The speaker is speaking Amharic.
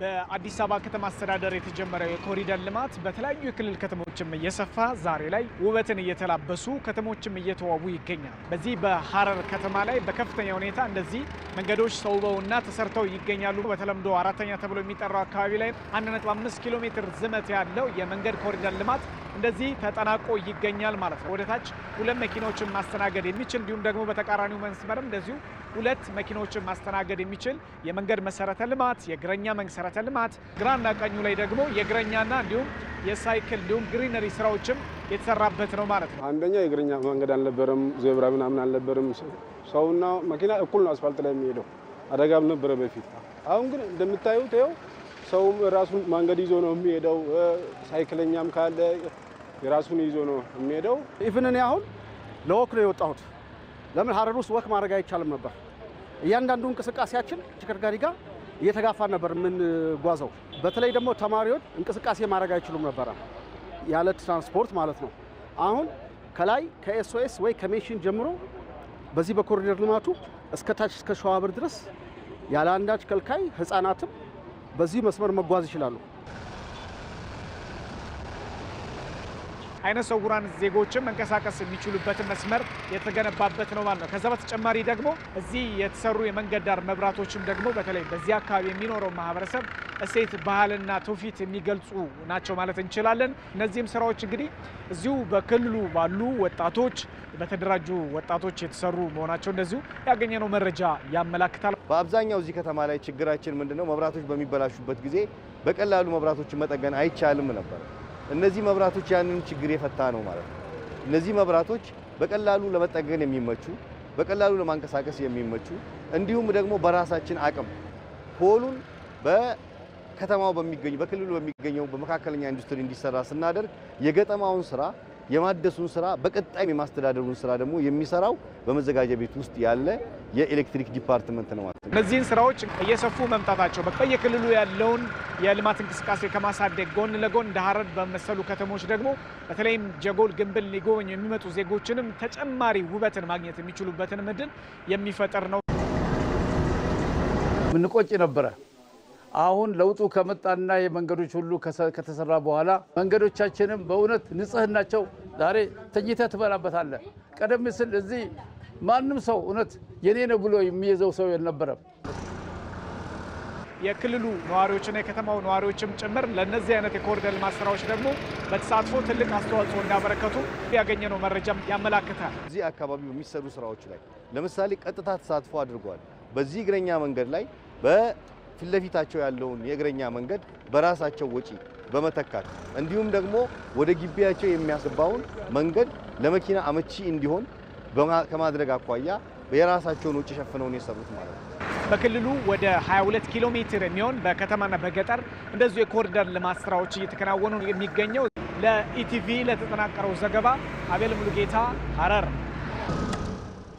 በአዲስ አበባ ከተማ አስተዳደር የተጀመረው የኮሪደር ልማት በተለያዩ የክልል ከተሞችም እየሰፋ ዛሬ ላይ ውበትን እየተላበሱ ከተሞችም እየተዋቡ ይገኛል። በዚህ በሀረር ከተማ ላይ በከፍተኛ ሁኔታ እንደዚህ መንገዶች ተውበውና ተሰርተው ይገኛሉ። በተለምዶ አራተኛ ተብሎ የሚጠራው አካባቢ ላይ 1.5 ኪሎ ሜትር ዝመት ያለው የመንገድ ኮሪደር ልማት እንደዚህ ተጠናቆ ይገኛል ማለት ነው። ወደታች ሁለት መኪናዎችን ማስተናገድ የሚችል እንዲሁም ደግሞ በተቃራኒው መስመርም እንደዚሁ ሁለት መኪናዎችን ማስተናገድ የሚችል የመንገድ መሰረተ ልማት፣ የእግረኛ መሰረተ ልማት፣ ግራና ቀኙ ላይ ደግሞ የእግረኛና እንዲሁም የሳይክል እንዲሁም ግሪነሪ ስራዎችም የተሰራበት ነው ማለት ነው። አንደኛ የእግረኛ መንገድ አልነበረም፣ ዜብራ ምናምን አልነበረም። ሰውና መኪና እኩል ነው አስፋልት ላይ የሚሄደው አደጋም ነበረ በፊት። አሁን ግን እንደምታዩት ይኸው ሰውም ራሱን መንገድ ይዞ ነው የሚሄደው። ሳይክለኛም ካለ የራሱን ይዞ ነው የሚሄደው። ኢቭን እኔ አሁን ለወክ ነው የወጣሁት። ለምን ሀረር ውስጥ ወክ ማድረግ አይቻልም ነበር። እያንዳንዱ እንቅስቃሴያችን ተሽከርካሪ ጋር እየተጋፋ ነበር የምንጓዘው። በተለይ ደግሞ ተማሪዎች እንቅስቃሴ ማድረግ አይችሉም ነበረ ያለ ትራንስፖርት ማለት ነው። አሁን ከላይ ከኤስኦኤስ ወይ ከሜሽን ጀምሮ በዚህ በኮሪደር ልማቱ እስከታች እስከ ሸዋብር ድረስ ያለ አንዳች ከልካይ ህጻናትም በዚህ መስመር መጓዝ ይችላሉ። አይነ ስውራን ዜጎችም መንቀሳቀስ የሚችሉበትን መስመር የተገነባበት ነው ማለት ነው። ከዛ በተጨማሪ ደግሞ እዚህ የተሰሩ የመንገድ ዳር መብራቶችም ደግሞ በተለይ በዚህ አካባቢ የሚኖረው ማህበረሰብ እሴት፣ ባህልና ትውፊት የሚገልጹ ናቸው ማለት እንችላለን። እነዚህም ስራዎች እንግዲህ እዚሁ በክልሉ ባሉ ወጣቶች በተደራጁ ወጣቶች የተሰሩ መሆናቸው እንደዚሁ ያገኘነው መረጃ ያመላክታል። በአብዛኛው እዚህ ከተማ ላይ ችግራችን ምንድነው? መብራቶች በሚበላሹበት ጊዜ በቀላሉ መብራቶችን መጠገን አይቻልም ነበር። እነዚህ መብራቶች ያንን ችግር የፈታ ነው ማለት ነው። እነዚህ መብራቶች በቀላሉ ለመጠገን የሚመቹ በቀላሉ ለማንቀሳቀስ የሚመቹ እንዲሁም ደግሞ በራሳችን አቅም ፖሉን በከተማው በሚገኙ በክልሉ በሚገኘው በመካከለኛ ኢንዱስትሪ እንዲሰራ ስናደርግ የገጠማውን ስራ የማደሱን ስራ በቀጣይም የማስተዳደሩን ስራ ደግሞ የሚሰራው በመዘጋጃ ቤት ውስጥ ያለ የኤሌክትሪክ ዲፓርትመንት ነው ማለት ነው። እነዚህን ስራዎች እየሰፉ መምጣታቸው በየክልሉ ያለውን የልማት እንቅስቃሴ ከማሳደግ ጎን ለጎን እንደ ሀረር በመሰሉ ከተሞች ደግሞ በተለይም ጀጎል ግንብን ሊጎበኙ የሚመጡ ዜጎችንም ተጨማሪ ውበትን ማግኘት የሚችሉበትን ምድል የሚፈጥር ነው። ምንቆጭ ነበረ አሁን ለውጡ ከመጣና የመንገዶች ሁሉ ከተሰራ በኋላ መንገዶቻችንም በእውነት ንጽህናቸው ዛሬ ተኝተህ ትበላበታለህ። ቀደም ሲል እዚህ ማንም ሰው እውነት የኔ ነው ብሎ የሚይዘው ሰው የልነበረም። የክልሉ ነዋሪዎችና የከተማው ነዋሪዎችም ጭምር ለእነዚህ አይነት የኮሪደር ልማት ስራዎች ደግሞ በተሳትፎ ትልቅ አስተዋጽኦ እንዳበረከቱ ያገኘነው መረጃም ያመላክታል። እዚህ አካባቢ በሚሰሩ ስራዎች ላይ ለምሳሌ ቀጥታ ተሳትፎ አድርጓል። በዚህ እግረኛ መንገድ ላይ ፊትለፊታቸው ያለውን የእግረኛ መንገድ በራሳቸው ወጪ በመተካት እንዲሁም ደግሞ ወደ ግቢያቸው የሚያስባውን መንገድ ለመኪና አመቺ እንዲሆን ከማድረግ አኳያ የራሳቸውን ወጪ ሸፍነው የሰሩት ማለት ነው። በክልሉ ወደ 22 ኪሎ ሜትር የሚሆን በከተማና በገጠር እንደዚሁ የኮሪደር ልማት ስራዎች እየተከናወኑ የሚገኘው። ለኢቲቪ ለተጠናቀረው ዘገባ አቤል ሙሉጌታ ሐረር